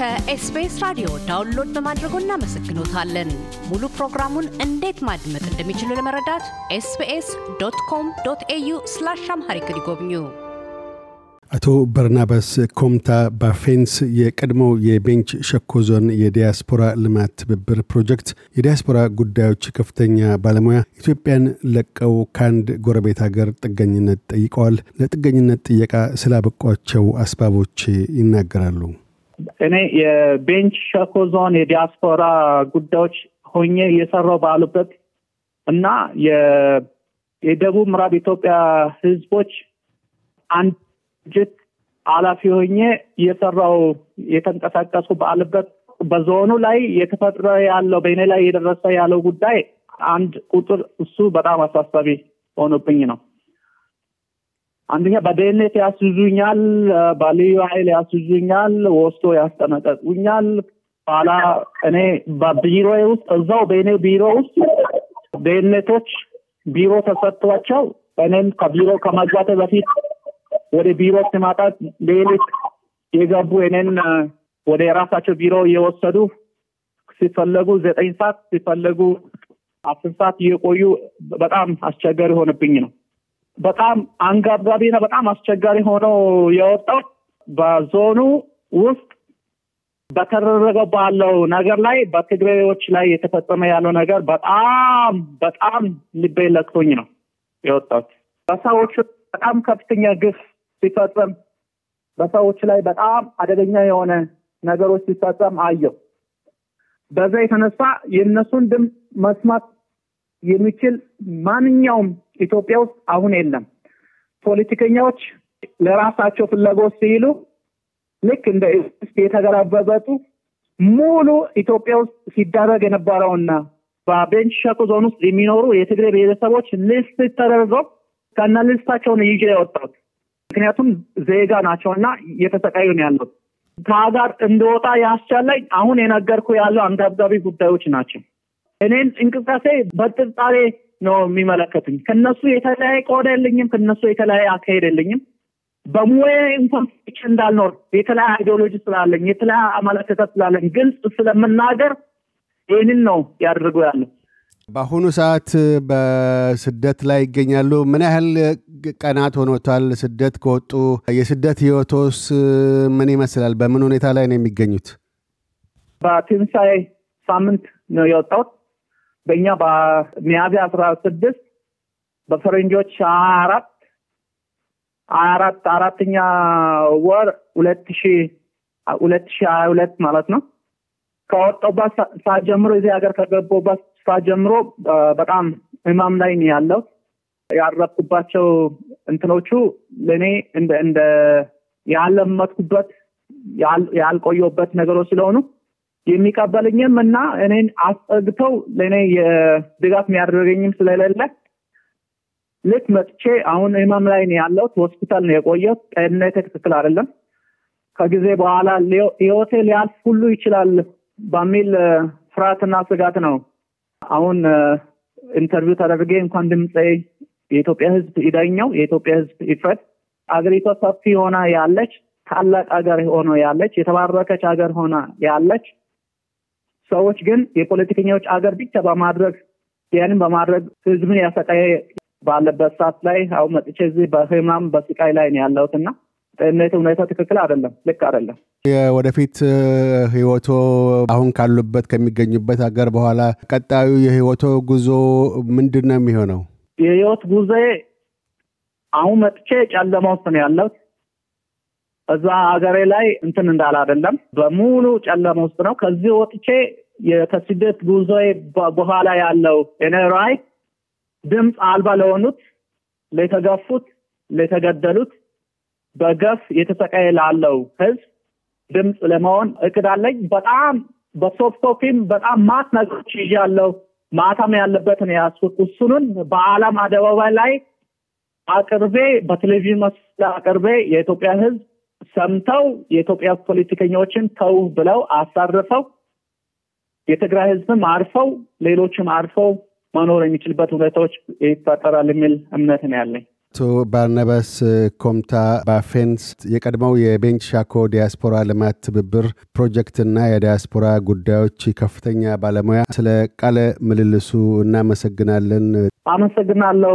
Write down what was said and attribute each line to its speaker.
Speaker 1: ከኤስቢኤስ ራዲዮ ዳውንሎድ በማድረጎ እናመሰግኖታለን። ሙሉ ፕሮግራሙን እንዴት ማድመጥ እንደሚችሉ ለመረዳት ኤስቢኤስ ዶት ኮም ዶት ኤዩ ስላሽ አምሃሪክ ይጎብኙ። አቶ በርናባስ ኮምታ ባፌንስ የቀድሞው የቤንች ሸኮ ዞን የዲያስፖራ ልማት ትብብር ፕሮጀክት የዲያስፖራ ጉዳዮች ከፍተኛ ባለሙያ ኢትዮጵያን ለቀው ከአንድ ጎረቤት ሀገር ጥገኝነት ጠይቀዋል። ለጥገኝነት ጥየቃ ስላበቋቸው አስባቦች ይናገራሉ።
Speaker 2: እኔ የቤንች ሸኮ ዞን የዲያስፖራ ጉዳዮች ሆኜ እየሰራው ባሉበት እና የደቡብ ምዕራብ ኢትዮጵያ ህዝቦች አንድጅት ድርጅት ኃላፊ ሆኜ እየሰራው የተንቀሳቀሱ ባሉበት በዞኑ ላይ የተፈጥረ ያለው በእኔ ላይ የደረሰ ያለው ጉዳይ አንድ ቁጥር እሱ በጣም አሳሳቢ ሆኖብኝ ነው። አንደኛ በደህንነት ያስዙኛል፣ በልዩ ኃይል ያስዙኛል፣ ወስዶ ያስጠነቀቁኛል። ኋላ እኔ በቢሮ ውስጥ እዛው በእኔ ቢሮ ውስጥ ደህንነቶች ቢሮ ተሰጥቷቸው እኔም ከቢሮ ከመግባት በፊት ወደ ቢሮ ሲመጣ ሌሊት የገቡ እኔን ወደ የራሳቸው ቢሮ እየወሰዱ ሲፈለጉ ዘጠኝ ሰዓት ሲፈለጉ አስር ሰዓት እየቆዩ በጣም አስቸጋሪ ሆነብኝ ነው። በጣም አንጋጋቢና በጣም አስቸጋሪ ሆኖ የወጣው በዞኑ ውስጥ በተደረገ ባለው ነገር ላይ በትግሬዎች ላይ የተፈጸመ ያለው ነገር በጣም በጣም ልቤ ለቅቶኝ ነው የወጣት። በሰዎች በጣም ከፍተኛ ግፍ ሲፈጸም፣ በሰዎች ላይ በጣም አደገኛ የሆነ ነገሮች ሲፈጸም አየው። በዛ የተነሳ የእነሱን ድም መስማት የሚችል ማንኛውም ኢትዮጵያ ውስጥ አሁን የለም። ፖለቲከኛዎች ለራሳቸው ፍላጎት ሲሉ ልክ እንደ ስ የተገረበበጡ ሙሉ ኢትዮጵያ ውስጥ ሲደረግ የነበረውና በቤንች ሸኮ ዞን ውስጥ የሚኖሩ የትግሬ ብሔረሰቦች ልስት ተደርገው ከና ልስታቸውን ይዤ የወጣሁት ምክንያቱም ዜጋ ናቸው እና እየተሰቃዩ ነው ያለው። ከሀገር እንደወጣ ያስቻለኝ አሁን የነገርኩ ያለው አንገብጋቢ ጉዳዮች ናቸው። እኔን እንቅስቃሴ በጥርጣሬ ነው የሚመለከትኝ። ከነሱ የተለያየ ቆዳ የለኝም፣ ከነሱ የተለያየ አካሄድ የለኝም። በሙዌ እንኳን እንዳልኖር የተለያየ አይዲዮሎጂ ስላለኝ የተለያየ አመለካከት ስላለኝ ግልጽ ስለምናገር ይህንን ነው ያደርገው ያለው።
Speaker 1: በአሁኑ ሰዓት በስደት ላይ ይገኛሉ። ምን ያህል ቀናት ሆኖታል ስደት ከወጡ? የስደት ህይወቶስ ምን ይመስላል? በምን ሁኔታ ላይ ነው የሚገኙት?
Speaker 2: በትንሣኤ ሳምንት ነው የወጣሁት። በእኛ በሚያዝያ አስራ ስድስት በፈረንጆች ሀያ አራት ሀያ አራት አራተኛ ወር ሁለት ሺ ሁለት ሺ ሀያ ሁለት ማለት ነው ከወጣሁበት ሰዓት ጀምሮ እዚህ ሀገር ከገባሁበት ሰዓት ጀምሮ በጣም ህማም ላይ ነው ያለው ያረፍኩባቸው እንትኖቹ ለእኔ እንደ እንደ ያለመትኩበት ያልቆየበት ነገሮች ስለሆኑ የሚቀበልኝም እና እኔን አስጠግተው ለእኔ የድጋፍ የሚያደርገኝም ስለሌለ ልክ መጥቼ አሁን ህመም ላይ ነው ያለሁት። ሆስፒታል ነው የቆየሁት። ጤንነቴ ትክክል አይደለም። ከጊዜ በኋላ ህይወቴ ሊያልፍ ሁሉ ይችላል በሚል ፍርሃትና ስጋት ነው አሁን ኢንተርቪው ተደርጌ እንኳን ድምፄ የኢትዮጵያ ህዝብ ይዳኘው፣ የኢትዮጵያ ህዝብ ይፍረድ። አገሪቷ ሰፊ ሆና ያለች ታላቅ ሀገር ሆኖ ያለች የተባረከች ሀገር ሆና ያለች ሰዎች ግን የፖለቲከኞች አገር ብቻ በማድረግ ያንን በማድረግ ህዝብን ያሰቃየ ባለበት ሰዓት ላይ አሁን መጥቼ እዚህ በህማም በስቃይ ላይ ነው ያለሁት እና ጤንነት ሁኔታ ትክክል አይደለም፣ ልክ አይደለም።
Speaker 1: የወደፊት ህይወቶ አሁን ካሉበት ከሚገኙበት ሀገር በኋላ ቀጣዩ የህይወቶ ጉዞ ምንድን ነው የሚሆነው?
Speaker 2: የህይወት ጉዞ አሁን መጥቼ ጨለማ ውስጥ ነው ያለሁት። እዛ ሀገሬ ላይ እንትን እንዳለ አይደለም፣ በሙሉ ጨለማ ውስጥ ነው። ከዚህ ወጥቼ ከስደት ጉዞ በኋላ ያለው እኔ ራይ ድምፅ አልባ ለሆኑት፣ ለተገፉት፣ ለተገደሉት፣ በገፍ የተሰቃየ ላለው ህዝብ ድምፅ ለመሆን እቅድ አለኝ። በጣም በሶፍቶፊም በጣም ማት ነገሮች ይዣለሁ። ማታም ያለበትን ያስኩት እሱንን በዓለም አደባባይ ላይ አቅርቤ በቴሌቪዥን መስላ አቅርቤ የኢትዮጵያ ህዝብ ሰምተው የኢትዮጵያ ፖለቲከኞችን ተው ብለው አሳርፈው የትግራይ ህዝብም አርፈው ሌሎችም አርፈው መኖር የሚችልበት ሁኔታዎች ይፈጠራል የሚል እምነት ነው ያለኝ።
Speaker 1: አቶ ባርናባስ ኮምታ ባፌንስ የቀድሞው የቤንች ሻኮ ዲያስፖራ ልማት ትብብር ፕሮጀክትና የዲያስፖራ ጉዳዮች ከፍተኛ ባለሙያ፣ ስለ ቃለ ምልልሱ እናመሰግናለን። አመሰግናለሁ።